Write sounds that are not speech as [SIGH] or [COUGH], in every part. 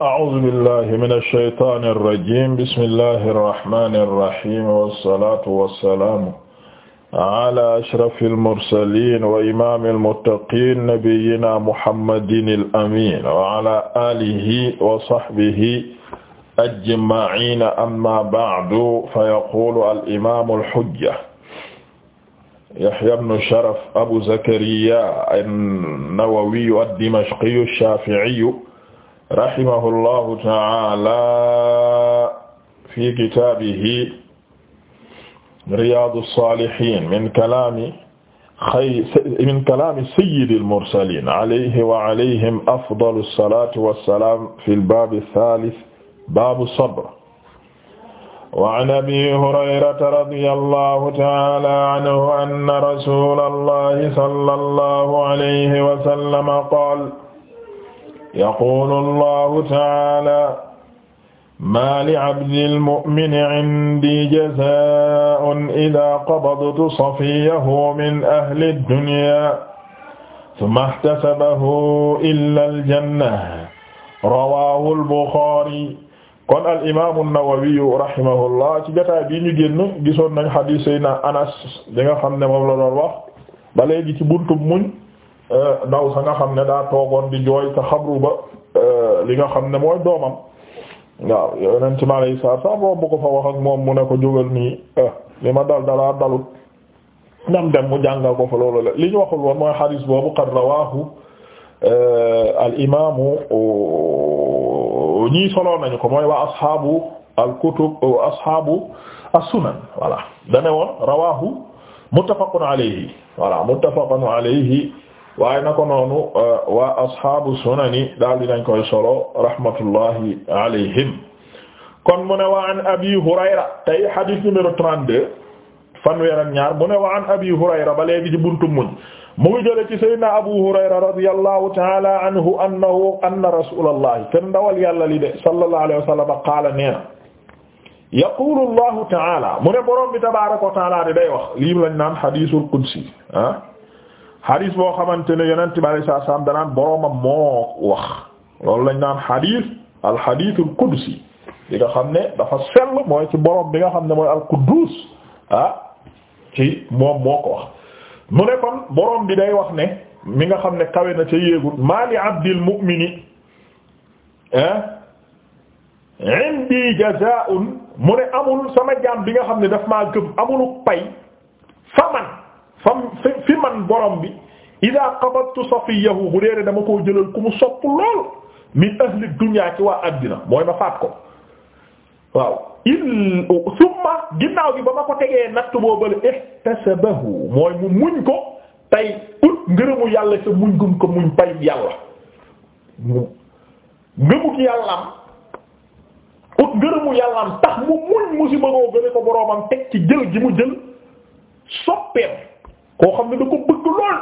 أعوذ بالله من الشيطان الرجيم بسم الله الرحمن الرحيم والصلاة والسلام على أشرف المرسلين وإمام المتقين نبينا محمد الأمين وعلى آله وصحبه أجمعين أما بعد فيقول الإمام الحجة يحيى بن شرف أبو زكريا النووي الدمشقي الشافعي rahimahullahu ta'ala fi kitaabihi riyaadu saalihiin min kalaami xay min kalaami sayyidil mursaliin alayhi wa alayhim afdalu salaatu wa salaam fil baabi saalis baabu sabr. wa an abii hurayrata radiyallahu ta'ala anhu anna rasuulallahi sallallahu alayhi wa sallam qaala yaqulu allahu taala ma li abdil mu'mini indi jazaa'un idaa qabadtu safiyahu min ahli dunya summa ihtasabahu illa aljanna rawaahu al-Buxaari kon al imaamu Nawawi rahimahullah ci jotaay bii ñu génn gisoon nañ hadiis Seydina Anas bi nga xam ne moom la doon wax ba léegi ci buntu muñ Euh, ndaw sa nga xam ne daa toogoon di jooy te xabru ba euh, li nga xam ne mooy doomam waaw yeneen ci ma lay saa saa romb fa wax moom mu ne ko jógal ni eh, li ma dal dalaa dalut nam dem mu jàngal ko fa loolu la li ñu waxul woon mooy xadiis boobu qad rawaahu euh, al imaamu ñii solo nañu ko mooy waa asxaabu al kutub asxaabu as-sunan dane woon rawaahu muttafaqun alayhi waaye na ko noonu uh, waa ashaabu sunani daal dinañ koy solo rahmatullahi alayhim kon mu ne wa an abi hurayra tey hadith numéro 32 fanweer ak ñaar mu ne wa an abi hurayra ba léegi ci buntu mu ngi jële ci sayyidina abu hurayra radiyallahu ta'ala anhu anna rasulallahi kenn ndawal yàlla li de sallallahu alayhi wa neena yaqulu allahu ta'ala mu ne borom bi wax lii lañ naan hadithul qudsi ah xadis boo xamante ne yonent bi alayhi salaatu salaam danaan boroomam moo wax loolu lañ naan xadis al xadiisul qudsi li nga xam ne dafa sell mooy ci boroom bi nga xam ne mooy al quddus ah ci moom moo ko wax. mu ne kon boroom bi day wax ne mi nga xam ne kawe na ca yéegul maa li abdil mu'mini ah mu ne amul sama jaam bi nga xam ne daf maa gëm amul pay faman fam fi man borom bi ida qabattu safiyahu bu dee dama koo jëlal ku mu sopp lool min ahli dunya ci waa addina mooy ma faat ko waaw il summa ginnaaw gi ba ma ko tegee natt boobale ihtasabahu mooy mu muñ ko tey ut ngërëmu yàlla sa muñ gum ko muñ pay yàlla ngëmuk yàllaam ut ngërëmu yàllaam tax mu muñ musiba goo gëne ko boroomam teg ci jël gi mu jël soppeem koo xam ne da ko bëgg lool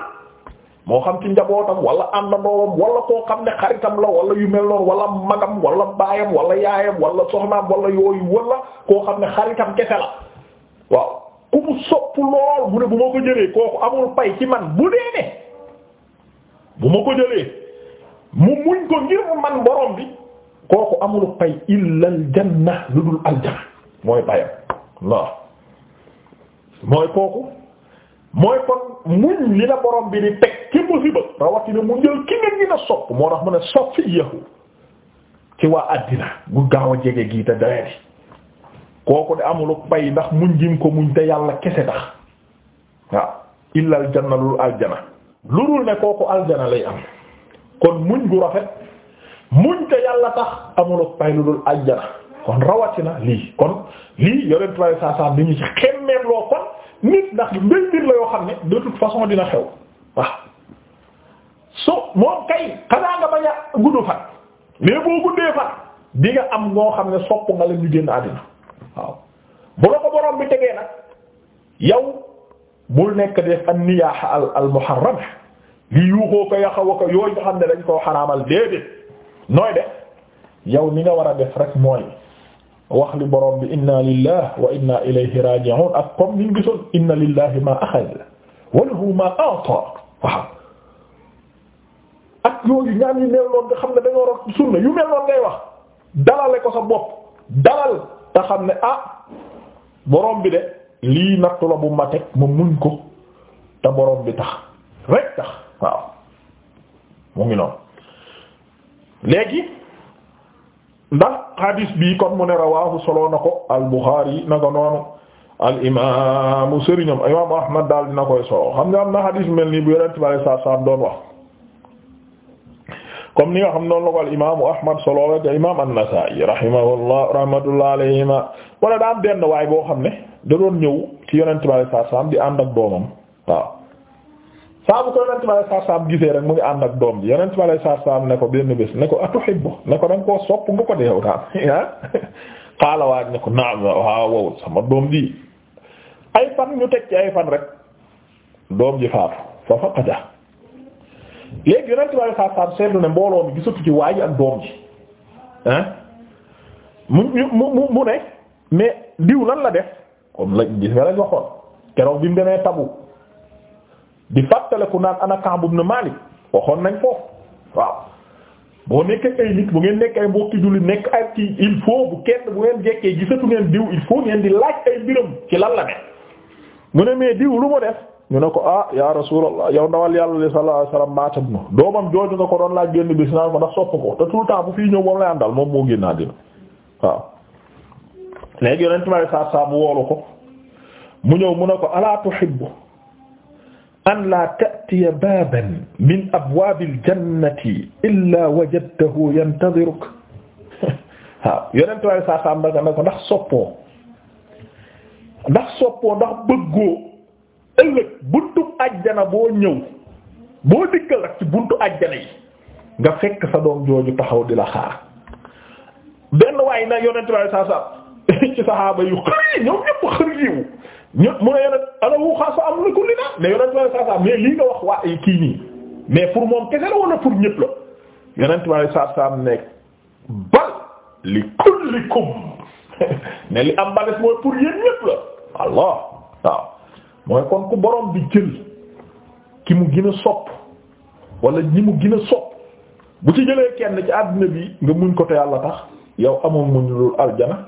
moo xam ci njabootam wala àndandoowam wala koo xam ne xaritam la wala yu mel noonu wala magam wala baayam wala yaayam wala soxnaam wala yooyu wala koo xam ne xaritam kese la waaw ku mu sopp lool bu ne bu ma ko jëlee kooku amul pay ci man bi kooku amul pay lu dul aljanna mooy payam waaw mooy kooku mooy kon muñ li la borom bi di teg ci musiba rawatina mu jël ki nga gën a sopp moo tax mu ne sopp fi yëfu ci waa àddina gu gaaw a jege gii te doye di kooku de amulu bay ndax mu jim ko muñ te yàlla kese tax waaw illa aljanna lul lu dul ne kooku aljana lay am kon muñ gu rafet muñ te yàlla tax amulu pay lu dul aljana kon rawatina lii kon lii yore travel saa saa bi ñu ci xemmeem loo kon nit ndax mbir mbir la yoo xam ne de toute façon dina xew waaw so moom kay xanaa nga bañ a gudd fan mais boo guddee fan di am ngoo xam ne sopp nga leen génn àddina waaw bu ko borom bi tegee nag yow bul nekk def an niyaaha al al muharrama li yuuxoo ko yaxaw ko yooyu nga xam ne dañ koo xaraamal déedéet nooy de yow ni nga war a def rek mooy. wax li borom bi inna lillah wa inna ilayhi raji'un ak comme niñ gisoon inna lillahi ma akhadha wa lahu ma waaw ak yooyu ñaan yu mel noonu nga xam ne dañoo rot sunna yu mel noonu ngay wax dalale ko sa bopp dalal te xam ne ah borom bi de lii nattu la bu ma teg ma muñ ko te borom bi tax rek tax waaw mu ngi noonu léegi ndax xadis bi kon mu ne rawaahu solo na ko al Bukhari na ko noonu al imaamu sëriñam imaamu Ahmad daal dina koy solo xam nga am na xadis mel nii bu yonent bi alayhi salaam doon wax comme ni nga xam noonu la ko al imaamu Ahmad solo rek imaam an-Nasaa'i rahimahullah rahmatullah alayhima wala daa am benn waay boo xam ne da doon ñëw ci yonent bi alayhi salaam di ànd ak doomam saa bu ko yonent bi alayhi salaam gisee rek mu ngi ànd ak doom ji yonent bi alayhi salaam ne ko benn bés ne ko atuhibbu ne ko da ko koo sopp nga ko deew daal [LAUGHS] ah xaala waaj ne ko naam waaw wow sama doom ji ay fan ñu teg ci ay fan rek doom ji faatu fa faqada léegi yonent bi alayhi salaam seetlu ne mbooloo mi gisatu ci waaj ak doom ji ah mu mu mu ne mais diw lan la def comme la gis nga la waxoon keroog bi mu demee Tabuk di fàttaliku naan ana Ka'b ibn Malik waxoon nañ foofu waaw boo nekkee ay nit bu ngeen nekk ay mbokki jullit nekk ay ci il faut kenn bu ngeen jekkee gisatu ngeen diw il faut ngeen di laaj ay mbiram ci la ne mu ne mais diw lu mu def ñu ne ko ah ya rasulallah yow ndawal yàlla li sallallahu alayhi wasallam maatam no doomam jooju nga ko doon laaj génn bis naan ko ndax sopp ko te tout le temps bu fii ñëw moom lay àndal moom moo génnaa dina waaw léegi yonent ma saa saa bu ñëw mu ne ko ala tuhibbu an laa ta'tiya baaban min abwaabil jannati illaa wajadtahu yantadiruk waaw yonent saa saa ndaka ne ko ndax soppoo ndax soppoo ndax bëggoo ëllëg buntu ajjana boo ñëw boo dikkal ak ci buntu ajjana nga fekk sa doom jooju taxaw di la xaar benn waaye nag yonent saa saa [LAUGHS] ci saxaaba yu xëri ñoom ñépp xëri ñëpp mu ne yonent alawu xaasa am na kulli na mais yonent bi saa saa mais lii nga wax waa kii nii mais pour moom kese la wala pour ñëpp la yonent bi saa nekk bal li kullikum [LAUGHS] ne li am ba des mooy pour yéen ñëpp la allah waaw mooy kon ku borom bi jël ki mu gën a sopp wala ñi mu gën a sopp bu ci jëlee kenn ci àddina bi nga muñ ko te yàlla tax yow amoon muñ loolu aljana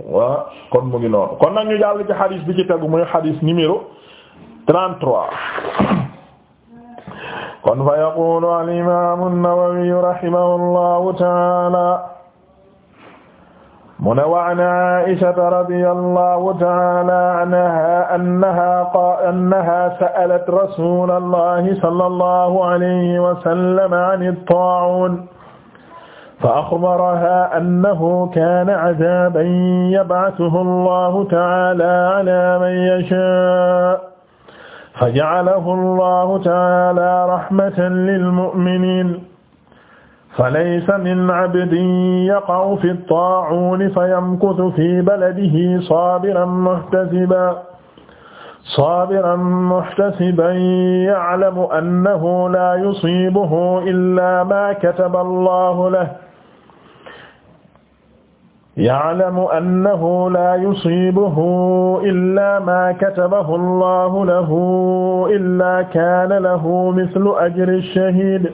waa kon mu ngi noonu kon nag ñu jàll ci xadis bi ci tegu muy xadis numéro 33 kon fa yaqulu al imam an-Nawawi rahimahullahu taala mu ne wa an Aisata radiyallahu taala anha annaha qaala annaha sa'alat rasulallahi sallallahu alayhi wa sallam an at-ta'un fa axbaraha annahu kaana azaaban yab'asuhu allahu ta'aala alaa man yashaa fa ja'alahu allahu ta'aala rahmatan lilmu'miniin falaysa min abdin yaqa'u fi ttaa'uuni fayamkuthu fi baladihi saabiran muhtasiban saabiran muhtasiban ya'lamu annahu laa yusiibuhu illaa maa kataba allahu lahu ya'lamu annahu laa yusiibuhu illaa maa katabahu Allahu lahu illaa kaana lahu mislu ajri shahiid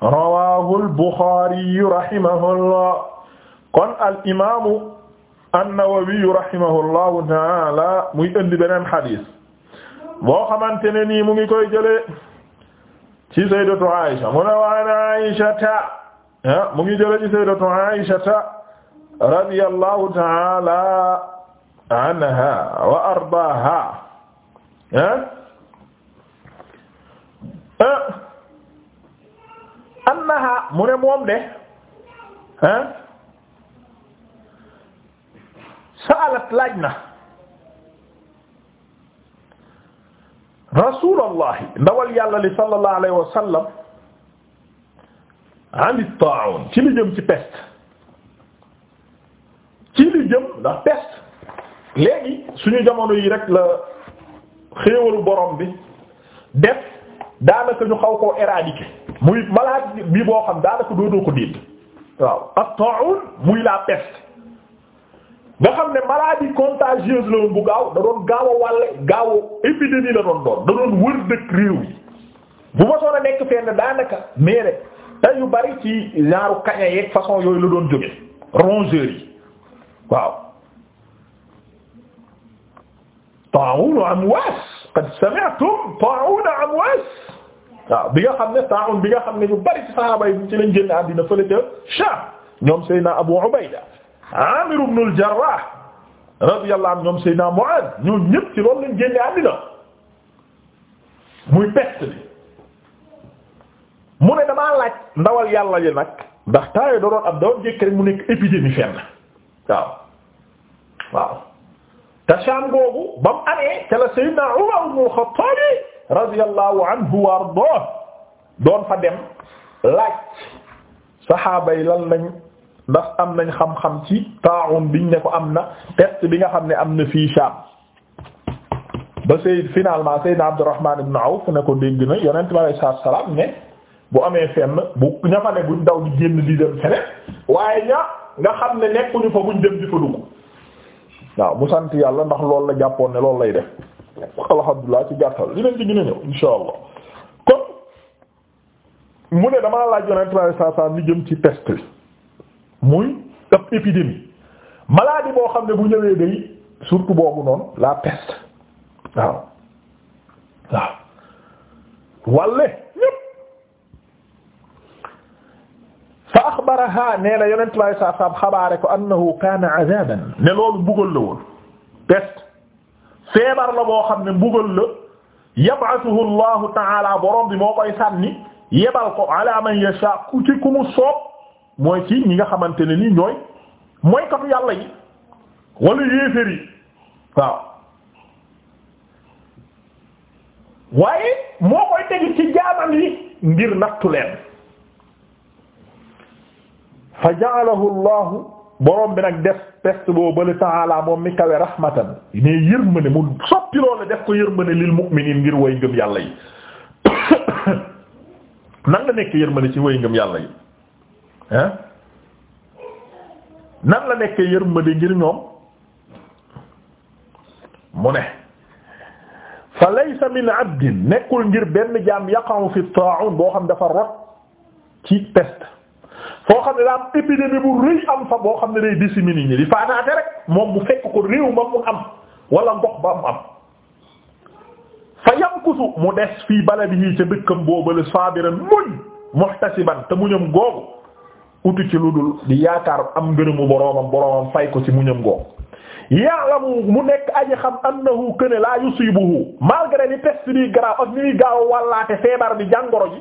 rawaahu al-Buxaari rahimahullah kon al imaamu an-Nawawi rahimahullahu ta'aala muy indi beneen xadis boo xamante ne nii mu ngi koy jëlee ci sayyidatu Aïcha mu ne waana Aïcha ta ah, mu ngi jëlee ci sayyidatu Aïcha ta radiyallahu ta'ala anha wa ardaaha ah? Ah? annaha mu ne moom de ah? saalat laaj na rasulullah ndawal yàlla li sallallahu alayhi wa sallam an at-ta'un ci li jëm ci peste ci li jëm ndax peste léegi suñu jamono yi rek la xéewalu borom bi def daanaka ñu xaw koo éradiquer muy maladie bi boo xam daanaka doodoo ko dégg waaw at-ta'un muy la peste nga xam ne maladie contagieuse la woon bu gaaw da doon gaaw a wàlle gaaw a épidémie la doon doon da doon wër dëkk réew yi bu ma soon a nekk fenn daanaka mais rek te yu bari ci genre kaña yeeg façon yooyu la doon jóge rongeurs yi. waaw ta'un Amwas qad sami'tum ta'un Amwas waaw bi nga xam ne ta'un bi nga xam ne ñu bari ci sahaaba yi ci lañ génn àddina fële ca Sham ñoom Seydina Abu Ubayda Amir ibn al-Jarrah radiyallahu anhu ñoom Seydina Mu'ad ñoom ñëpp ci loolu lañ génn àddina muy peste bi mu ne damaa laaj ndawal yàlla li nag ndax taayoo da doon am da doon jékk rek mu nekk épidémie fenn waaw waaw te Sham googu ba mu amee ca la Seydina Umar ibn al-Khattab radiyallahu anhu wa ardaahu doon fa dem laaj saxaaba yi lan lañ ndax am nañ xam-xam ci bi biñ ne ko am na peste bi nga xam ne am na fii Sham ba Seyd finalement Seydina Abdurrahman ibn Awf ne ko dégg na Yonent bi alayhi ne bu amee fenn bu ña buñ daw di génn di dem feneen waaye ña. nga xam ne nekkuñu fa buñ dem di fa dugg waaw mu sant yàlla ndax loolu la jàppoon ne loolu lay def alhamdulilah ci gàttal li leen ci gën ñëw insha allah kon mu ne dama laaj yonent bi alayhi salaam li jëm ci peste bi muy ab épidémie maladie boo xam ne bu ñëwee day surtout boobu noonu la peste waaw waaw wàlle ñépp fa axbaraha nee na yonent bi xabaare ko annahu kaana azaban la woon peste feebar la boo xam ne mbugal la yab'athuhu Allahu ta'ala borom bi moo koy sànni yebal ko ala man yasha ku ci ku mu mooy ci ñi nga xamante ne ni ñooy mooy katu yàlla yi wala yéeféer yi moo koy tegi ci jaamam ngir nattu leen fa ja'alahu llahu borom bi nag def peste boo bale ta'ala moom mi kawe rahmatan ne yërmande mu soppi loolu def ko yërmande lil mu'minin ngir way ngëm yàlla yi [COUGHS] nan la nekk yërmande ci way ngëm yàlla yi ah nan la nekk yërmande ngir ñoom mu ne fa laysa min abdin nekkul ngir benn jaam yaqa'u fi ta'un boo xam dafa rot ci peste foo xam ne daa am épidémie bu rëy am fa boo xam ne day disséminer ñi di faataate rek moom bu fekk ko réew ma mu am wala ngox ba mu am fa yamkusu mu des fii baladihi ca dëkkam boobale sabiran muñ muhtasiban te muñam googu uti ci lu dul di yaakaar am ngërëmu boroomam boroomam fay ko ci muñam googu mu nekk aji xam annahu kana la ak ni gaaw wàllaate feebar bi jàngoro ji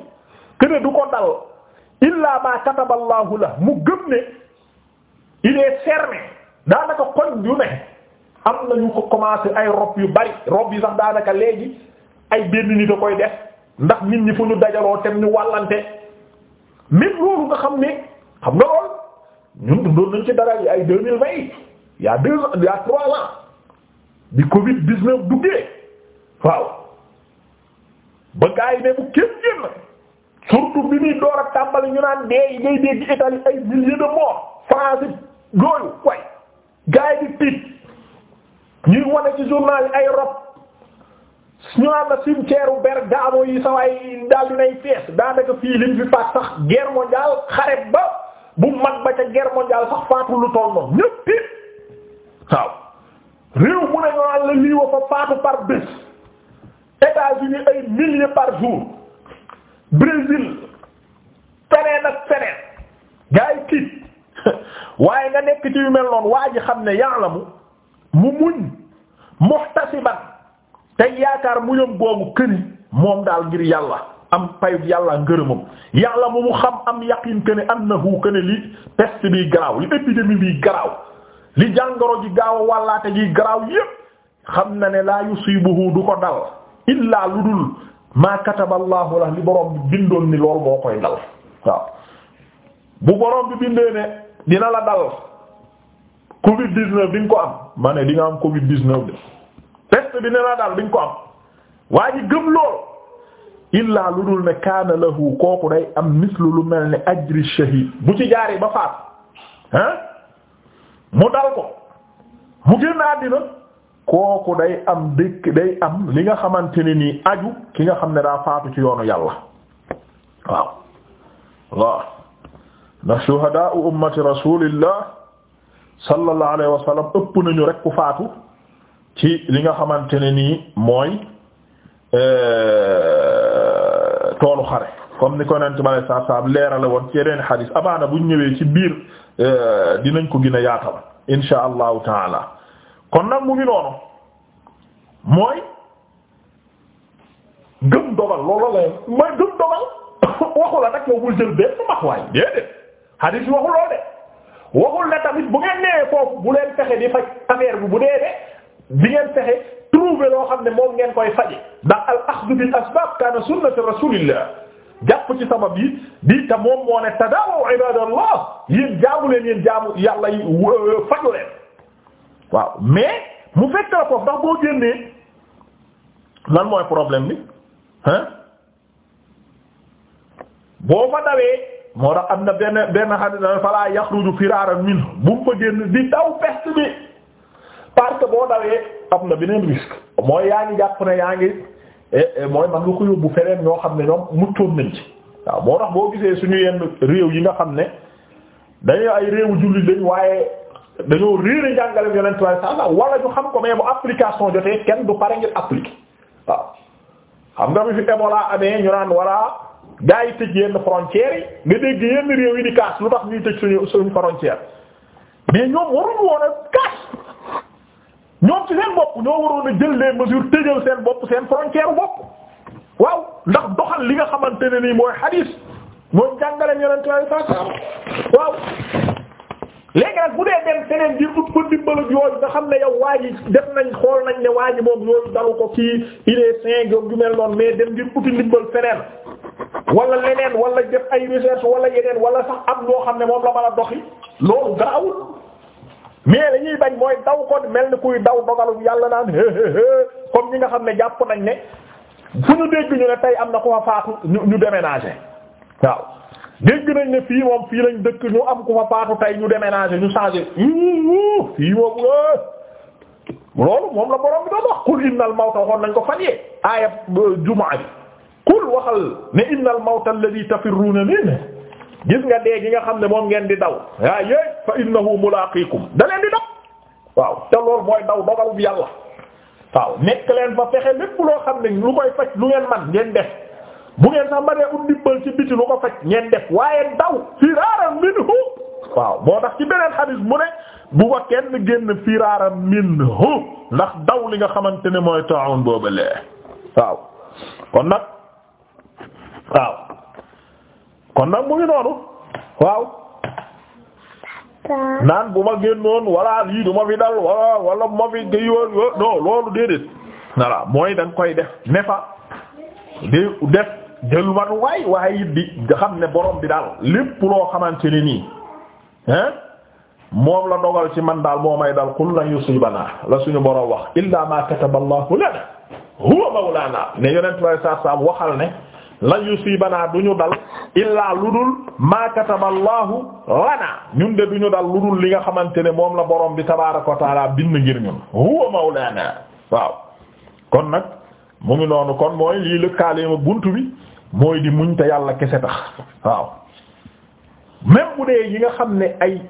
kana du ko dal illa ma kataballahu la mu gëm ne il est fermé daanaka koñ yu ne am na ñu ko commencé ay rob yu bari rob yi sax daanaka léegi ay benn nit a koy def ndax nit ñi fu ñu dajaloo tem ñu wàllante même loolu nga xam ne xam nga lool ñun dundoon nañ ci dara yi ay deux mille vingt yi y trois ans bi Covid dix duggee waaw ba gaa yi ne bu kenn génn surtout bi muy door a tàmbali ñu naan dee yi ngay dégg Italie ay milliers de morts français loolu way gars yi di tiit ñuy wane ci journal yi ay rob ñu naan la cimetière u Bergamo yi sawaay daal dinay fees daanaka fii liñ fi faat sax guerre mondiale xare ba bu mag ba ca guerre mondiale sax faatu lu noonu ñëpp tiit waaw réew mu ne ñu naan la lii wa faatu par bés États-Unis ay milliers par jour Brésil feneen ak feneen gaa yi [LAUGHS] waaye nga nekk ci yu mel noonu waa ji xam ne ya'lamu mu muñ muhtasiban tey yaakaar muñam googu këri moom daal ngir yàlla am payu yàlla ngërëmam yàlla mu xam am yaqin que ne annahu que ne li peste garaaw li épidémie bi garaaw li jàngoro ji gaaw a wàllaate ji garaaw yépp xam na ne laa yusibuhu du ko dal illaa lu dul maa kataballaahu la li borom bi bindoon ni lool moo koy dal waaw bu borom bi bindee ne dina la dal covid 19 di nga ko am ma ne am covid 19 de peste bi dina la dal di nga ko am waa ji gëm lool illaa lu dul ne kaana lahu kooku day am mislu lu mel ne ajri shahid bu ci jaaree ba faat ah mu dal ko mu génn àddina kooku day am dëkk day am li nga xamante ne nii aju ki nga xam ne daa faatu ci yoonu yàlla waaw waaw ndax shuhadaa ummati rasulillah sallallahu alayhi wa ëpp nañu rek ku faatu ci li nga xamante ne nii mooy euh, toolu xare comme ni ko nent ma lay saa leerale woon ci yeneen xadiis amaana buñ ñëwee ci biir euh, dinañ ko gën a yaatal insha allahu taala kon nag mu ngi noonu mooy gëm dogal loolu la mooy gëm dogal [COUGHS] waxu la nag yow bul jël benn maxwaay déedéet hadith waxu loo de waxul ne tamit bu ngeen nee foofu bu leen fexe di faj affaire bi bu dee de di ngeen fexe trouver loo xam ne moom ngeen koy faje ndax al axdu bil asbab kana sunnatu rasulillah jàpp ci sabab yi di te moom moo ne tadaawu ibadallah yéen jaamu leen yéen jaamu yàlla yi euh, faju leen waaw mais mu fekk la foofu ndax boo génnee lan mooy problème bi hein boo fa dawee moo tax am na benn benn xam ne falaa yaxruju firaaran min bu mu fa génn di daw peste bi parce boo dawee am na beneen risque mooy yaa ngi jàpp ne yaa ngi eh, eh, mooy man nga ko yóbbu feneen ñoo xam ne ñoom muccoon nañ ci waaw moo tax boo gisee suñu yenn réew yi nga xam ne dañu ay réewu jullit lañ waaye dañoo réer a jàngale yonent waaye saa ñu xam ko mais bu application jotee kenn du pare ngir appliquer waaw xam nga bi fi Ebola amee ñu naan wala gaa yi tëj yenn frontières yi nga dégg yenn réew yi di kaas lu tax ñuy tëj suñu suñu frontière mais ñoom waruñu woon a kaas ñoom ci seen bopp ñoo waroon a jël les mesures tëjal seen bopp seen frontière bopp waaw ndax doxal li nga xamante ne nii mooy hadis mooy jàngale yonent waaye waaw. léegi nag bu dee dem feneen di ut ko dimbal ak yooyu nga xam ne yow waa ji def nañ xool nañ ne waa ji moom yooyu dalu ko kii il est sain ju mel noonu mais dem di uti dimbal feneen wala leneen wala def ay recherche wala yeneen wala sax am loo xam ne moom la mën a doxi loolu gaawul mais lañuy bañ mooy daw ko mel ni kuy daw dogalu yàlla naan comme ñi nga xam ne jàpp nañ ne fu ñu dégg ñu ne tey am na ko fa faatu ñu déménager waaw dégg nañ ne fii moom fii lañ dëkk ñu am ku fa paatu tey ñu déménager ñu changer fii moom eh. loolu moom la borom bi doon wax qul innal mawta waxoon nañ ko fan yee aaya eh, jumaa bi qul waxal ne innal mawta alladhi tafirruuna minhu gis nga dee gi nga xam ne moom ngeen di daw yaa yéeg fa innahu mulaaqiikum da leen di daw waaw te loolu mooy daw dogalu yàlla waaw nekk leen fa fexe lépp loo xam ne lu koy faj lu ngeen man ngeen def bu ngeen sax manee ut dimbal ci biti lu ko faj ngeen def waaye daw firaaran minhu waaw moo tax ci beneen xadis mu ne bu ko kenn génn firaaran minhu ndax daw li nga xamante ne mooy taawun boobu lee waaw kon nag waaw kon nag mu ngi noonu waaw naan bu ma génnoon walla lii du ma fi dal walla walla bu ma fi géyoon non loolu déedéet voilà mooy danga koy def ne fa def jël wan waay waaye it xam ne borom bi daal lépp loo xamante ne nii hein moom la dogal ci man daal moo may dal qul lan yusibana la suñu borom wax illa ma kataba allahu lana huwa mawlana ne yonent way sa sam waxal ne lan yusibana du ñu dal illaa lu dul ma kataba lana ñun de du ñu dal lu dul li nga xamante ne moom la borom bi tabaaraka wa bind ngir ñun huwa mawlana waaw kon nag mu ngi noonu kon mooy lii lëkkaale ma buntu bi mooy di muñ te yàlla kese tax waaw même bu dee yi nga xam ne ay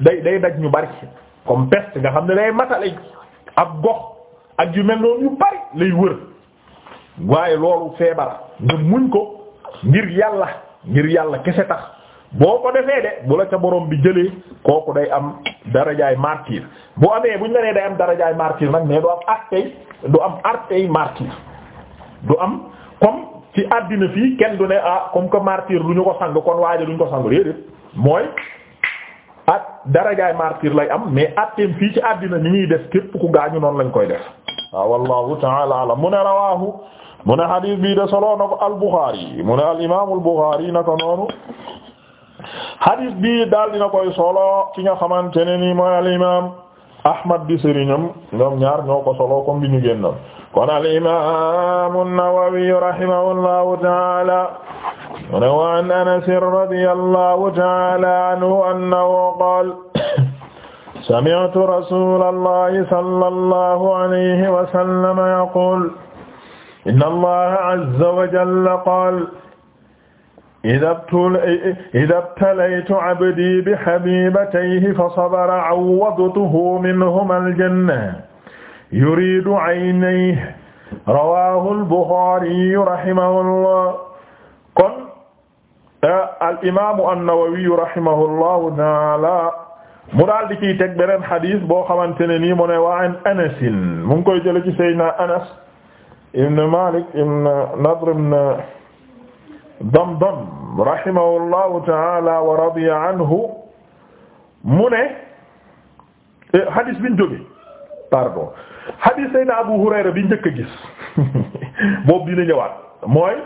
day day daj ñu bari comme peste nga xam ne day matale ab gox ak yu mel noonu yu bari lay wër waaye loolu feebara nga muñ ko ngir yàlla ngir yàlla kese tax boo ko defee de bu la ca borom bi jëlee kooku day am darajaay martyr bu amee bu ñu la nee day am darajaay martyr nag mais du am artey du am artey martyr du am comme ci àddina fii kenn du ne ah comme que martyr du ñu ko sang kon waaye du ñu ko sang déedéet mooy at darajaay martyr lay am mais atteem fii ci àddina ni ñuy def képp ku gaañu noonu lañ koy def waaw ah, wallahu ta'ala alam mu ne rawahu mu ne hadith bii de solo na ko al-Bukhari mu ne al imam al-Bukhari naka noonu hadith bii daal dina koy solo ci nga xamante ne nii mooy al imam Ahmad di sëriñam ñoom ñaar ñoo ko solo comme bi ñu génnoon kon al imaam an-Nawawi rahimahullahu ta'ala mu ne wa an Anas radiyallahu ta'ala anhu annahu qaala sami'tu rasulallahi sallallahu alayhi wa sallam yaqul inna allaha azza wa jalla qaala idha ibtalaytu abdi bihabibatayhi fasabara awwadtuhu minhuma al-janna yuridu aynayhi rawahu al-Bukhari rahimahullah kon eh, al-imaamu an-Nawawi rahimahullahu taala mu daal di ciy teg beneen xadis boo xamante ne nii mu ne wa an Anas mu ngi koy jële ci Seydina Anas ibn Malik ibn Nadr ibn Damdam rahimahullahu taala wa radiya anhu mu ne eh, xadis biñ jóge pardon hadis sayna Abu Hurayra bi njëkk a gis [LAUGHS] boobu dina ñëwaat mooy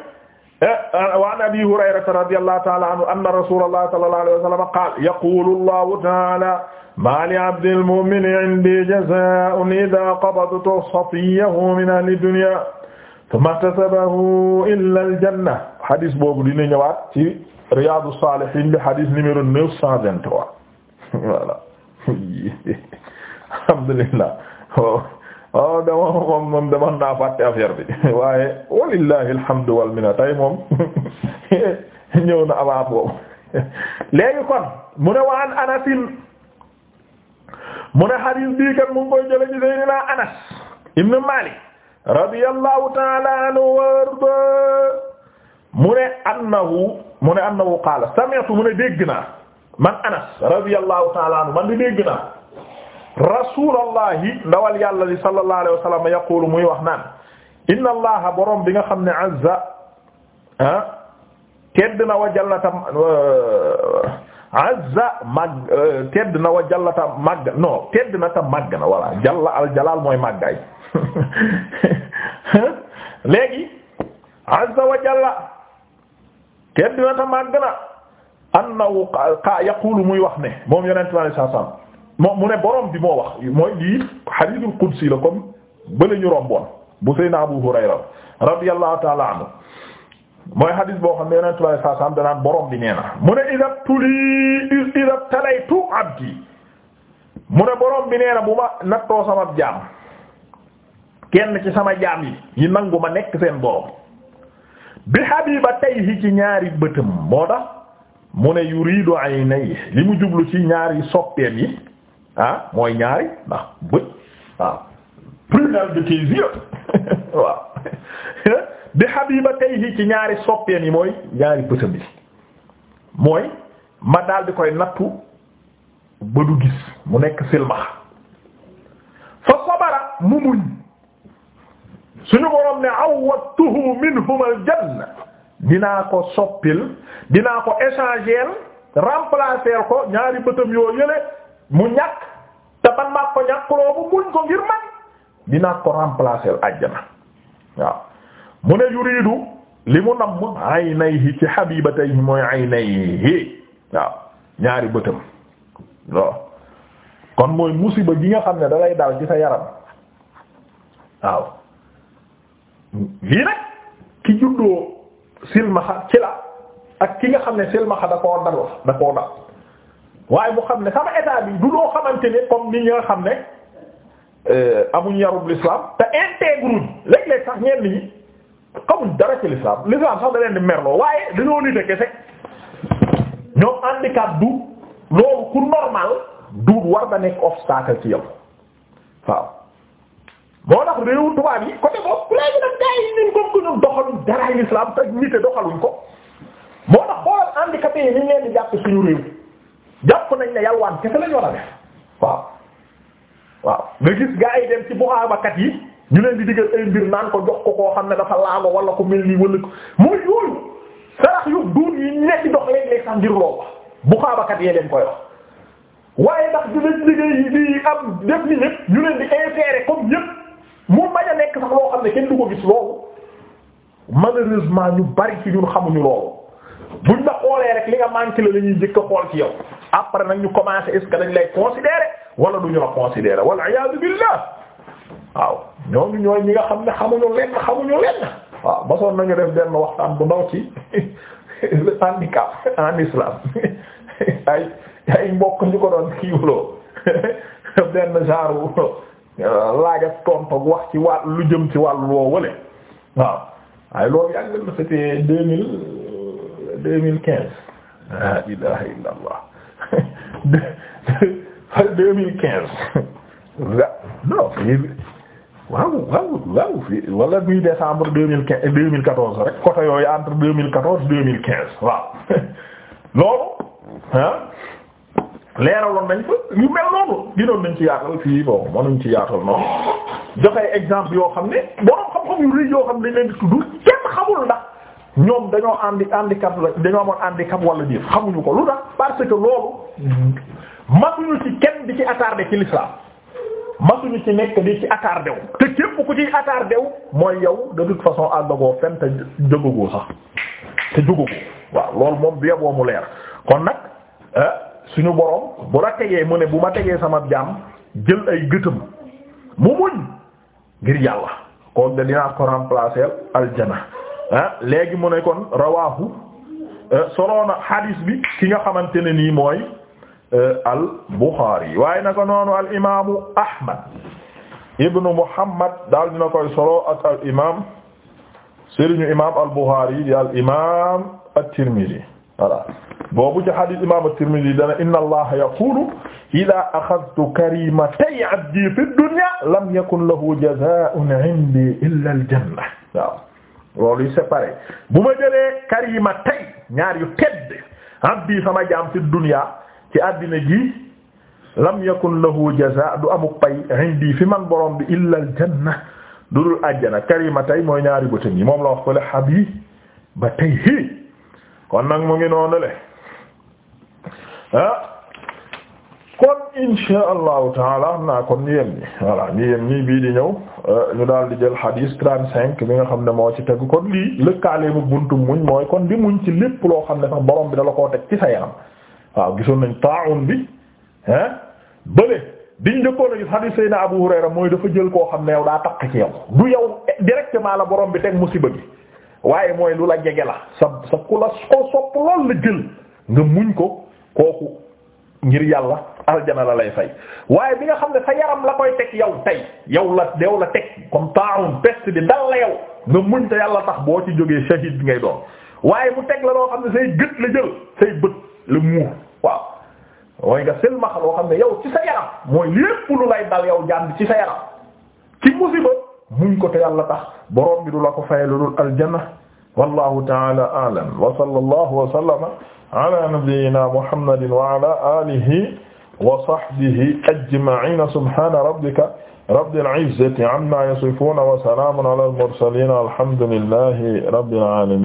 eh, eh, wa an Abi Hurayrata radiyallahu ta'ala anhu anna rasulallahi sallallahu alayhi wa sallam qaala yaqulu Allahu ta'ala ma li abdil mu'mini 'indi jazaa'un idha qabadtu safiyahu min ahli dunya thumma ihtasabahu illa al-janna hadis boobu dina ñëwaat ci Riyadu Salihin bi hadis numéro 923 [LAUGHS] voilà [LAUGHS] alhamdulillah oh. waaw dama moom moom dama naa fàtte affaire bi [LAUGHS] waaye walillahi alhamdu wal minna tey moom [LAUGHS] ñëw na [LAUGHS] kon mu ne waan anasin mu ne hadith bi kat mu ngi koy jële ci sayyidina anas ta'ala anhu warda mu ne annahu mu sami'tu mu ne man anas radiyallahu ta'ala anhu man di dégg rasulallahi ndawal yàlla li sallallahu alayhi wa sallam yaqulu muy wax naan inna allaha borom bi nga xam ne azza ah tedd na wa jallata euh, azza màgg euh, tedd na wa jallata màgg non tedd na ta màgg na walla jalla al jalaal mooy màggaay [LAUGHS] léegi azza wa jalla tedd na ta màgg na annahu yaqulu muy wax ne moom yonent bi sallallahu alayhi wa sallam moo mu ne boroom bi moo wax mooy lii hadithul qudsi la comme bële ñu romboon bu Seydina Abu Hurayra radiyallahu ta'ala anhu mooy hadith boo xam ne yonent bi saa saam danaan bi nee na mu ne idha tuli idha bu ma nattoo sama jaam kenn ci sama jaam yi yi nangu ma nekk seen borom bi habibatayhi ci ñaari bëtam moo tax mu ne yuridu aynayhi li mu jublu ci ñaari soppeem yi ah mooy ñaari ndax bët waaw prunelle de tes yeux [LAUGHS] waaw [LAUGHS] bi habibatayhi ci ñaari soppeen yi mooy ñaari bëtam yi mooy ma daldi koy nattu ba du gis mu nekk silmax fa sabara mu muñ suñu borom ne awwatuhu minhum aljanna dinaa ko soppil dinaa ko échanger remplacer ko ñaari bëtam yoo yële mu ñàkk te man maa ko ñàkkuloo bu muñ ko ngir man dinaa ko remplacer àjjana waaw mu ne yuridu li mu namm aynayhi ci habibatayhi mooy aynayhi waaw ñaari bëtam waaw kon mooy musiba gi nga xam ne dalay daal ci sa yaram waaw lii nag ki juddoo silmaxa ci la ak ki nga xam ne silmaxa da koo dal da koo dal waaye mu xam ne sama état bi du loo xamante ne comme ni nga xam ne euh, amuñ yarub l'islam te intégruñ léeg-léeg sax ñenn ñi xamuñ dara ci l'islam l'islam sax da leen di merloo waaye dañoo nite kese ñoom handicap du loolu ku normal du war da nekk obstacle ci yow waaw moo tax réewu tubaab yi côté boobu léegi nag gars yi ñun comme que ñun doxaluñ dara l'islam te nite doxaluñ ko moo tax xoolal handicapé yi ñu leen di jàpp suñu réew. jàpp nañ ne yalwaan kese la ñu war a def waaw waaw nga gis gaa yi dem ci buxaabakat yi ñu leen di digal ay mbir naan ko jox ko koo xam ne dafa laago wala ko mel nii wala ko mooy yooyu sarax yu duun yi nekk dox léeg-léeg sax ngir loolu buxaabakat yee leen koy wax waaye ndax dinañ liggéey di am def ni ñépp ñu leen di insérer comme ñépp mu bañ a nekk sax loo xam ne kenn du ko gis loolu malheureusement ñu bari ci ñun xamuñu loolu buñ la xoolee rek li nga manqué la la ñuy jëkk xool ci yow après nag ñu commencé est-ce que dañ lay considérer wala du ñu la considérer wal iyaadu billah waaw ñooñu ñooy ñi nga xam ne xamuñu lenn xamuñu lenn waaw basoon nañu def benn waxtaan bu ndaw ci [LAUGHS] le handicap en islam [LAUGHS] ay ay mbokk ñu ko doon kiiwloo [LAUGHS] benn genre laaj ak tontu wax ci wàll lu jëm ci wàllu woo wale waaw waaye loolu yàgg na c'était deux mille deux mille quinze la ilaha illa deux mille quinze non waaw waaw waaw fii wala muy décembre deux mille quinze deux mil quatorze rek côté yooyu entre deux mille quatorze deux mille quinze waaw [LAUGHS] loolu ah leeraloon nañ fa ñu mel noonu ginoon nañ ci yaatal fii bon mënuñ ci yaatal noonu joxe exemple yoo xam ne borom xam-xam yu rëy yoo xam ne dañ leen di tudd kenn ñoom dañoo àndi handicap la dañoo amoon handicap wala diir xamuñu ko lu tax parce que loolu masuñu ci kenn di ci attardé ci l'islam masuñu ci nekk di ci attardé wu te képp ku ci attardé wu mooy yow de toute façon àndagoo fen te jógagoo sax waaw loolu moom bi yeboo mu leer kon nag ah, suñu borom bu la tegee mu ne bu ma tegee sama jaam jël ay gëtëm mu muñ ngir yàlla kooku de dinaa ko remplacer aljana ah léegi mu ne kon rawaahu eh, soloona hadis bi ki nga xamante ne nii mooy eh, al Bukhari waaye naka noonu al imaamu Ahmad ibnu Muhammad daal dina koy solo ak al imaam sëriñu imaam al Bukhari di al imaam at-Tirmidhi voilà boobu ci hadis imaam at-Tirmidhi dana inna Allaha yaqulu idaa axadtu karimatay abdi fi dunya lam yakun lahu jazaa'un indi illa al-janna waaw. loolu c'est pareil bu ma jëlee karima tey ñaar yu tedd abdi sama jaam fi dunya ci àddina ji lam yakun lahu jaza du amuk pay indi fi man borom bi illa al janna du dul àjjana karima tey mooy ñaari bëtam yi moom la wax ko le habib ba tey hi kon nag mu ngi noonu le ah kon insha allahu taala am naa kon ñu yem ni voilà ñu yem nii bii di ñëw euh, ñu daal di jël hadis trente cinq bi nga xam ne moo ci tegu kon lii lëkkaaleemu buntu muñ mooy kon di muñ ci lépp loo xam ne sax borom bi dala koo teg ci sa yaram waaw gisoon nañ taawun bi hein bële diñ njëkkoon a gis hadis sayna Abu Hurayra mooy dafa jël koo xam ne yow daa takk ci yow du yow directement la borom bi teg musiba gi waaye mooy lu la jege la sa sa ku la ko sopp la jël muñ ko kooku ngir yàlla aljana la lay waaye bi nga xam ne sa yaram la koy teg yow tey yow la dew la teg comme taarun peste bi nga muñ te yàlla tax boo ci jógee shahid ngay doon waaye mu teg la loo xam ne say gët la jël say bët la muur waaw mooy nga sëlmaxa loo xam ne yow ci sa mooy lépp lu lay dal yow jàmbi ci sa yaram ci musiba muñ ko te tax borom bi du la ko fay lu dul aljanna wallahu ta'ala a'lam wa sallallahu wa sallama ala nabiyyina muhammadin wa ala alihi wa sahbihi ajma'ina subhana rabbika rabbil izzati amma yasifuna wa salamun ala al mursalin alhamdulillahi rabbil alamin